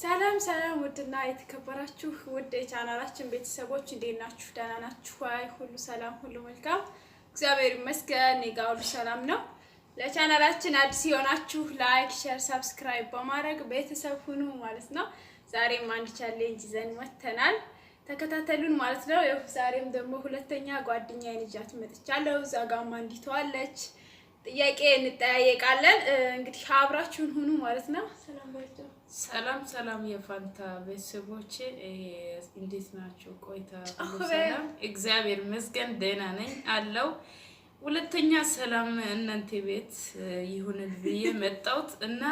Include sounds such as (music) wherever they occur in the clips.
ሰላም ሰላም፣ ውድና የተከበራችሁ ውድ የቻናላችን ቤተሰቦች እንዴት ናችሁ? ደህና ናችሁ? አይ ሁሉ ሰላም፣ ሁሉ መልካም፣ እግዚአብሔር ይመስገን። እኔ ጋ ሁሉ ሰላም ነው። ለቻናላችን አዲስ የሆናችሁ ላይክ፣ ሼር፣ ሰብስክራይብ በማድረግ ቤተሰብ ሁኑ ማለት ነው። ዛሬም አንድ ቻሌንጅ ይዘን መተናል። ተከታተሉን ማለት ነው። ያው ዛሬም ደግሞ ሁለተኛ ጓደኛዬን ይዣት መጥቻለሁ። እዛ ጋም አንዲቷ ጥያቄ እንጠያየቃለን። እንግዲህ አብራችሁን ሁኑ ማለት ነው። ሰላም ሰላም ሰላም የፋንታ ቤተሰቦች እንዴት ናቸው? ቆይታ ሰላም፣ እግዚአብሔር ይመስገን ደህና ነኝ አለው። ሁለተኛ ሰላም እናንተ ቤት ይሁን ብዬ መጣሁት እና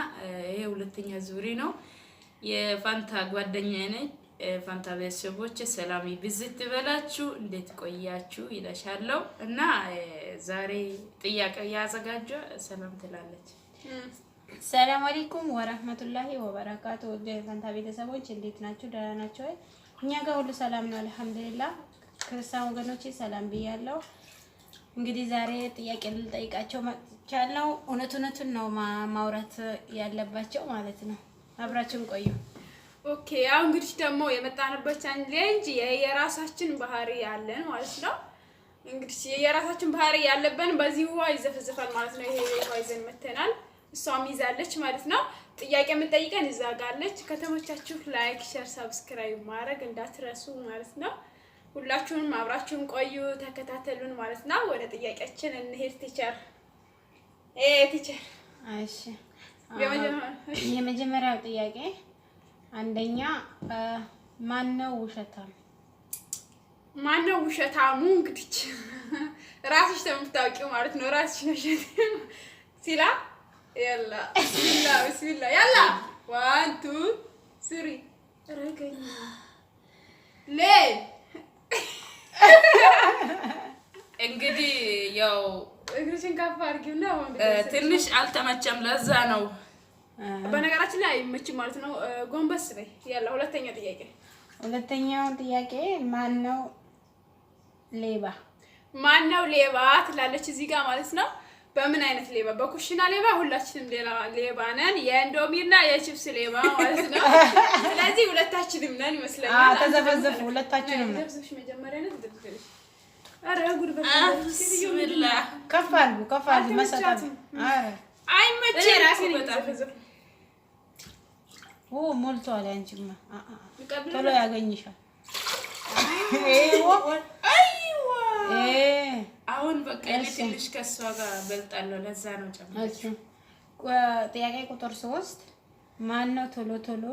ይሄ ሁለተኛ ዙሪ ነው። የፋንታ ጓደኛ ነኝ። ፋንታ ቤተሰቦች ሰላም ብዝት ይበላችሁ፣ እንዴት ቆያችሁ ይለሻለው እና ዛሬ ጥያቄ ያዘጋጀ ሰላም ትላለች ሰላም አለይኩም ወራህመቱላሂ ወበረካቱ። ወደ ፈንታ ቤተሰቦች እንዴት ናችሁ? ደህና ናችሁ? እኛ ጋር ሁሉ ሰላም ነው አልሐምዱሊላህ። ክርስቲያን ወገኖች ሰላም ብያለሁ። እንግዲህ ዛሬ ጥያቄ ልጠይቃቸው መጥቻለሁ። እውነት እውነቱን ነው ማውራት ያለባቸው ማለት ነው። አብራችን ቆዩ። ኦኬ ያው እንግዲህ ደግሞ የመጣንበት ቻሌንጅ የራሳችን ባህሪ ያለን ማለት ነው። እንግዲህ የራሳችን ባህሪ ያለብን በዚህ ውሃ ይዘፈዘፋል ማለት ነው። ይሄ ይዘን መተናል እሷም ይዛለች ማለት ነው። ጥያቄ የምጠይቀን እዛ ጋለች። ከተሞቻችሁ ላይክ፣ ሸር፣ ሰብስክራይብ ማድረግ እንዳትረሱ ማለት ነው። ሁላችሁንም አብራችሁን ቆዩ፣ ተከታተሉን ማለት ነው። ወደ ጥያቄያችን እንሄድ። ቲቸር ቲቸር፣ እሺ የመጀመሪያው ጥያቄ አንደኛ ማን ነው ውሸታም? ማን ነው ውሸታሙ? እንግዲህ ራስሽ ተምታውቂው ማለት ነው። ራስሽ ነው ሲላ ያላ ብስሚላ ያላ ዋን ቱ ስሪ ሌ እንግዲህ ያው እግርሽን ከፍ አድርጊውና ትንሽ አልተመቸም። ለዛ ነው በነገራችን ላይ አይመችም ማለት ነው። ጎንበስ በይ። ያላ ሁለተኛው ጥያቄ ሁለተኛው ጥያቄ ማን ሌባ? ማን ሌባ ትላለች እዚህ ጋር ማለት ነው በምን አይነት ሌባ? በኩሽና ሌባ? ሁላችንም ሌላ ሌባ ነን፣ የእንዶሚና የቺፕስ ሌባ ማለት ነው። ስለዚህ ሁለታችንም ነን ይመስለኛል። ተዘፈዘፉ፣ ሁለታችንም ነን። ከፍ አድርጉ፣ ከፍ አድርጉ። መሰጣት አይመቸኝ ራሴ ሞልቷል። አንቺማ ቶሎ ያገኝሻል። አሁን በቃ እኔ ትንሽ ከእሷ ጋር በልጣለሁ። ለዛ ነው ጨምረችው። ጥያቄ ቁጥር ሶስት ማን ነው ቶሎ ቶሎ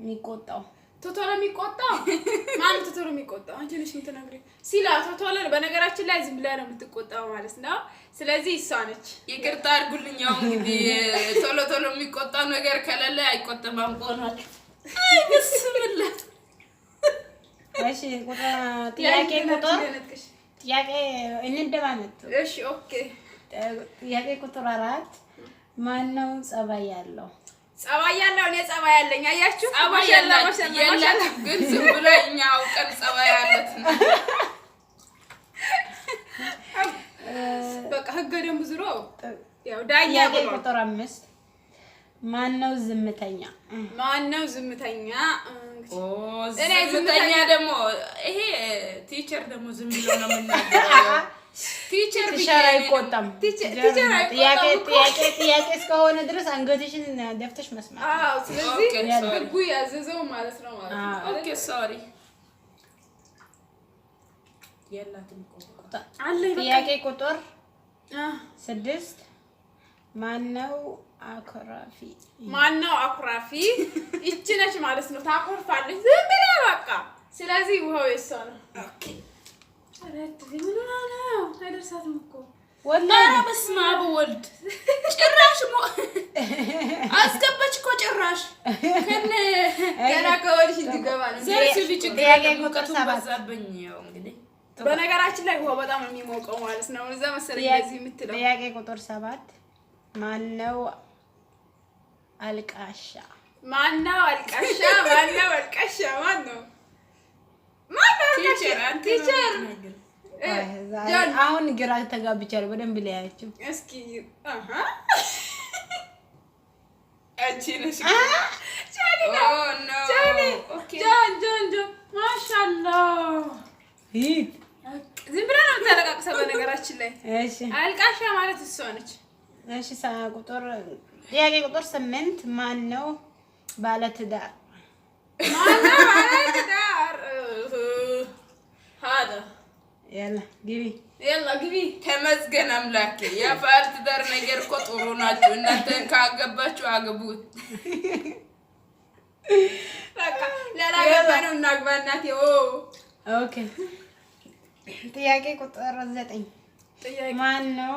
የሚቆጣው? ቶቶሎ የሚቆጣው ማን? ቶቶሎ የሚቆጣው አንቺ ነሽ የምትነግሪው ሲላ ቶቶሎ። በነገራችን ላይ ዝም ብላ ነው የምትቆጣው ማለት ነው። ስለዚህ እሷ ነች። ይቅርታ አድርጉልኝ። ያው እንግዲህ ቶሎ ቶሎ የሚቆጣው ነገር ከሌለ አይቆጠም። አንቆናል ስምላት ጥያቄ ቁጥር ጥያቄ እንደማመጡ እሺ፣ ኦኬ። ጥያቄ ቁጥር አራት ማን ነው ጸባይ ያለው? ጸባይ ያለው እኔ ጸባይ ያለኝ። አያችሁ፣ ጸባይ ግን ዝም ብሎ እኛ አውቀን ጸባይ ያለት ነው። በቃ ህገ ደንብ ዝሮ ያው ዳኛ ቁጥር አምስት ማነው ዝምተኛ? ማነው ዝምተኛ? እኔ ዝምተኛ ደግሞ ይሄ ቲቸር ደግሞ ዝም ብሎ ነው የምናገረው። ቲቸር አይቆጣም። ጥያቄ እስከሆነ ድረስ አንገትሽን ደፍተሽ መስማት። ስለዚህ ህጉ ያዘዘው ማለት ነው ማለት ነው። ሶሪ አለ። ጥያቄ ቁጥር ስድስት ማነው አኩራፊ? ማነው አኩራፊ? ይቺ ነች ማለት ነው። ታኮርፋለች ዝም ብላ በቃ። ስለዚህ ውሃው የእሷ ነው። ኦኬ ወልድ ጭራሽ አስገባች እኮ ጭራሽ ገና በነገራችን ላይ ውሃው በጣም የሚሞቀው ማለት ነው። እዛ መሰለኝ የምትለው ጥያቄ ቁጥር ሰባት ማነው አልቃሻ? ማነው አልቃሻ? ማነው አልቃሻ? ማነው አሁን ግራ ተጋብቻለሁ። በደንብ ላያቸው እስኪ ዝም ብላ ነው የምታለቃቅሰው። በነገራችን ላይ አልቃሻ ማለት እሷ ነች። እሺ ቁጥር ጥያቄ ቁጥር ስምንት ማን ነው ባለ ትዳር? ግቢ ተመስገን አምላኬ። የባለ ትዳር ነገር እኮ ጥሩ ናችሁ። እናንተን ካገባችሁ አግቡት። ላላገባነው እናግባ። እናቴ ጥያቄ ቁጥር ዘጠኝ ማን ነው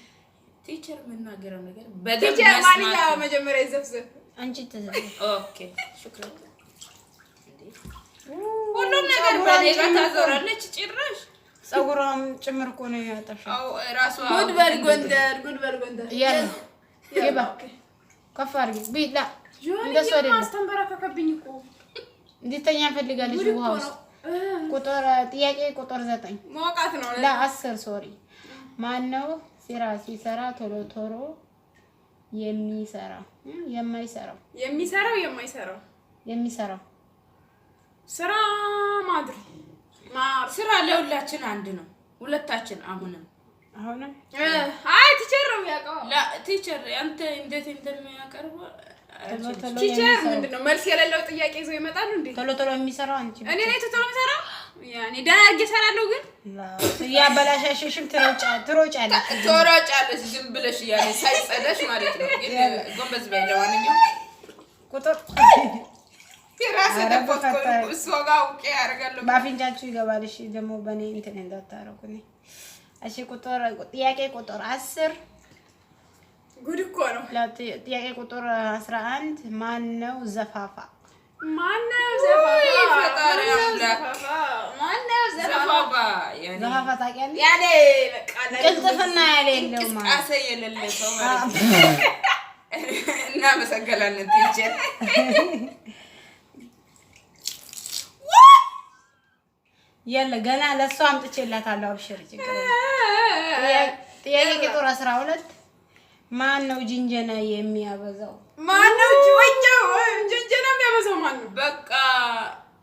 ቲቸር መናገረው ነገር በደምብ ቲቸር መጀመሪያ ይዘፍዘፍ አንቺ ሁሉም ነገር ታዞራለች። ጭራሽ ፀጉሯም ጭምር እኮ ነው ያጠፋው። ጉድ በል ጎንደር፣ ጉድ በል ጎንደር። ይባ ከፍ አድርጊ ቢላ እንደሱ አይደለም። አስተንበረከከብኝ እኮ እንዲተኛ እንፈልጋለች። ውሃ ውስጥ ቁጥር ጥያቄ ቁጥር ዘጠኝ ማውቃት ነው ለአስር ሶሪ ማን ነው ስራ ሲሰራ ቶሎ ቶሎ የሚሰራው የማይሰራው የሚሰራው የማይሰራው የሚሰራው ስራ ማድሪ ስራ ለሁላችን አንድ ነው። ሁለታችን አሁንም አሁንም አይ ቲቸር ነው የሚያውቀው። ቲቸር አንተ እንዴት እንደሚያቀርቡ ቲቸር ምንድን ነው መልስ የሌለው ጥያቄ ይዘው ይመጣሉ እንዴ? ቶሎ ቶሎ የሚሰራው አንቺ እኔ ላይ ቶሎ የሚሰራው ያኔ ደህና አድርጌ እሰራለሁ። ግን እያበላሻሽሽም ትሮጫለሽ ትሮጫለሽ ዝም ብለሽ እያለ ማለት ነው። ግን በይ ለማንኛውም ቁጥር እሷ ጋር አውቄ አደርጋለሁ። በአፍንጫችሁ ይገባል። እሺ ደግሞ በእኔ እንትን እንዳታረጉ። እሺ ቁጥር ጥያቄ ቁጥር አስር ጉድ እኮ ነው። ጥያቄ ቁጥር አስራ አንድ ማን ነው ዘፋፋ? ቅልጥፍና ያለ የለውም (laughs) የለ ገና ለእሷ አምጥቼላታለሁ። አብሽር ችግር ቁጥር አስራ ሁለት ማን ነው ጅንጀና የሚያበዛው? ማን ነው ሰው ማን ነው? በቃ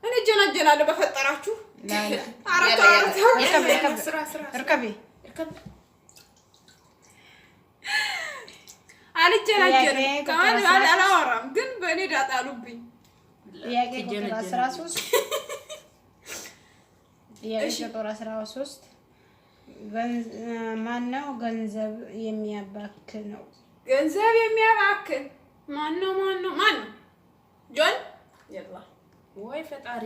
እኔ ጀናጀናለሁ። በፈጠራችሁ አልጀናጀንም፣ አላወራም ግን በእኔ ዳጣ አሉብኝ። ማነው ገንዘብ የሚያባክን ነው? ገንዘብ የሚያባክን ማነው? ማነው? ማነው? ጆን ወይ ፈጣሪ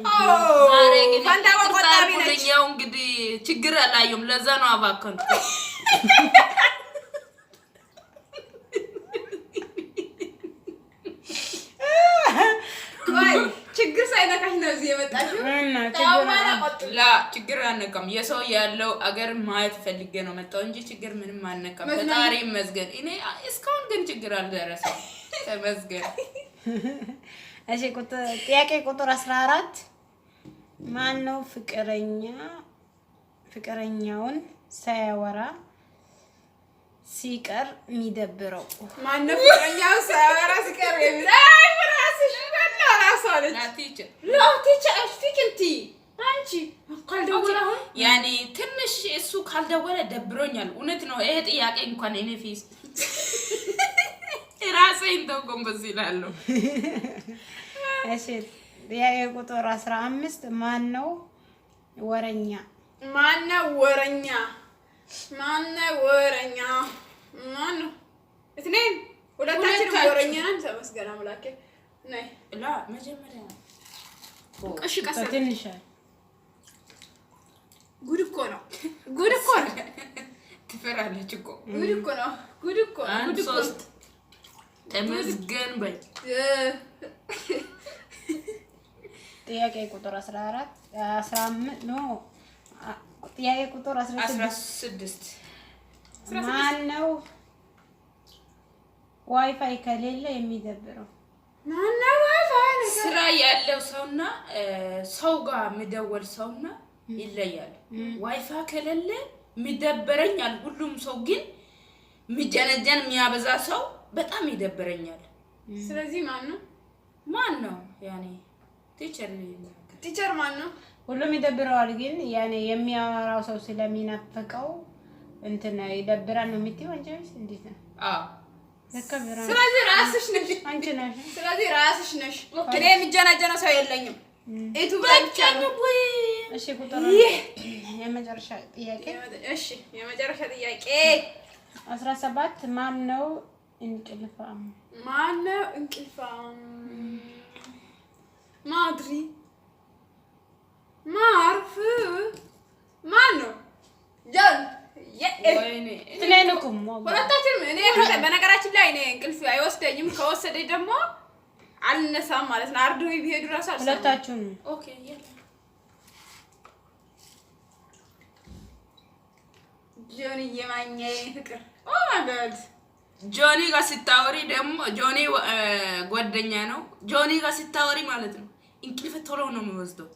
ያው እንግዲህ ችግር አላየሁም። ለዛ ነው አባከንኩ። ችግር ሳይነካሽ ነው እዚህ የመጣችው? ችግር አልነካም። የሰው ያለው አገር ማየት ፈልጌ ነው መጣሁ እንጂ ችግር ምንም አልነካም። ፈጣሪ ይመስገን። እኔ እስካሁን ግን ችግር አልደረሰም። ተመስገን (laughs) እሺ ጥያቄ ቁጥር 14 ማን ነው ፍቅረኛ ፍቅረኛውን ሳያወራ ሲቀር የሚደብረው? ማን ነው ፍቅረኛው ሳያወራ ሲቀር ያኔ ትንሽ እሱ ካልደወለ ደብሮኛል። እውነት ነው። ይሄ ጥያቄ እንኳን እኔ ፊስ ተሰኝተው ጎንበስ ይላሉ። እሺ የቁጥር አስራ አምስት ማነው ወረኛ? ማነው ወረኛ? ማነው ወረኛ? ማነው እትኔን ሁለታችንም ወረኛ ነን። ተመስገን አምላኬ። ነይ ላ መጀመሪያ እሺ፣ ቀስ ትንሽ ጉድ እኮ ነው። ጉድ እኮ ነው። ትፈራለች እኮ። ጉድ እኮ ነው። ጉድ እኮ ነው። ተመስገን በይ። (laughs) ጥያቄ ቁጥር 14 15 ነው። ጥያቄ ቁጥር 16 ማን ነው ዋይፋይ ከሌለ የሚደብረው? ስራ ያለው ሰውና ሰው ጋር የሚደወል ሰውና ይለያል። ዋይፋይ ከሌለ የሚደበረኛል። ሁሉም ሰው ግን የሚጀነጀን የሚያበዛ ሰው በጣም ይደብረኛል። ስለዚህ ማን ነው ማን ነው ያኔ ቲቸር ቲቸር ማን ነው? ሁሉም ይደብረዋል፣ ግን ያኔ የሚያወራው ሰው ስለሚናፈቀው እንትን ይደብራል ነው የምትይው አንቺ ነሽ። እንዴት ነው? አዎ ስለዚህ ራስሽ ነሽ አንቺ ነሽ። ስለዚህ ራስሽ ነሽ። እኔ የሚጀናጀነው ሰው የለኝም። እቱ እሺ ቁጥር የመጨረሻ ጥያቄ እሺ የመጨረሻ ጥያቄ 17 ሰባት ማን ነው እንቅልፋም ማነው? እንቅልፋም ማድሪ ማርፍ ማን በነገራችን ላይ እኔ እንቅልፍ አይወስደኝም። ከወሰደኝ ደግሞ አልነሳም ማለት ነው። አርዶ ቢሄዱ እራሱ ሁለታችሁም ኦኬ ፍቅር ኦ ማይ ጋድ ጆኒ ጋር ስታወሪ ደግሞ ጆኒ ጓደኛ ነው። ጆኒ ጋር ስታወሪ ማለት ነው እንቅልፍ ቶሎ ነው የሚወስደው።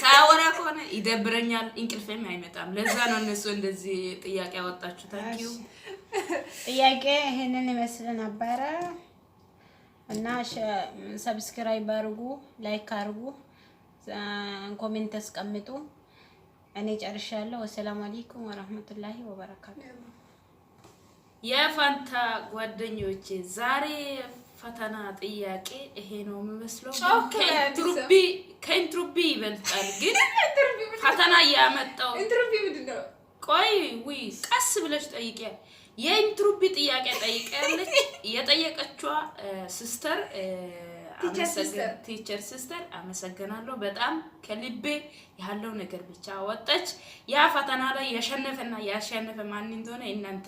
ሳያወራ ከሆነ ይደብረኛል፣ እንቅልፍም አይመጣም። ለዛ ነው እነሱ እንደዚህ ጥያቄ አወጣችሁ ታንኪዩ ጥያቄ ይሄንን ይመስል ነበረ እና ሰብስክራይብ አርጉ ላይክ አድርጉ፣ ኮሜንት አስቀምጡ። እኔ ጨርሻለሁ። ወሰላሙ አለይኩም ወረህመቱላሂ ወበረካቱ። የፈንታ ጓደኞቼ ዛሬ ፈተና ጥያቄ ይሄ ነው የሚመስለው። ከኢንትሩቢ ይበልጣል ግን ፈተና እያመጣው ቆይ ውይ ቀስ ብለሽ ጠይቂ። የኢንትሩቢ ጥያቄ ጠይቀ ያለች የጠየቀችዋ ሲስተር ቲቸር ሲስተር አመሰግናለሁ። በጣም ከልቤ ያለው ነገር ብቻ ወጠች። ያ ፈተና ላይ ያሸነፈና ያሸነፈ ማን እንደሆነ እናንተ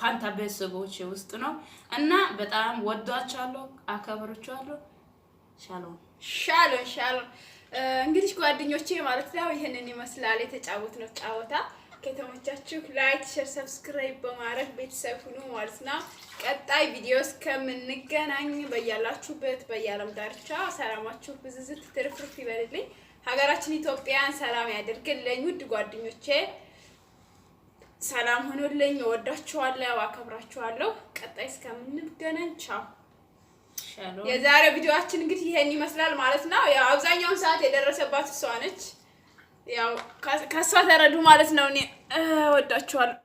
ፋንታ ቤተሰቦች ውስጥ ነው እና በጣም ወዷቸዋለሁ፣ አከብሮቸዋለሁ። ሻሎም ሻሎም ሻሎም። እንግዲህ ጓደኞቼ ማለት ነው ይህንን ይመስላል ነው ጫወታ ከተመቻችሁ ላይክ፣ ሸር፣ ሰብስክራይብ በማድረግ ቤተሰብ ሁኑ ማለት ነው። ቀጣይ ቪዲዮ እስከምንገናኝ በያላችሁበት በየዓለም ዳርቻ ሰላማችሁ ብዝዝት ትርፍርፍ ይበልልኝ። ሀገራችን ኢትዮጵያን ሰላም ያደርግልኝ። ውድ ጓደኞቼ ሰላም ሆኖልኝ፣ እወዳችኋለሁ፣ አከብራችኋለሁ። ቀጣይ እስከምንገናኝ ቻው። የዛሬ ቪዲዮአችን እንግዲህ ይሄን ይመስላል ማለት ነው። ያው አብዛኛውን ሰዓት የደረሰባት እሷ ነች። ያው ከእሷ ተረዱ ማለት ነው። እኔ ወዳችኋለሁ።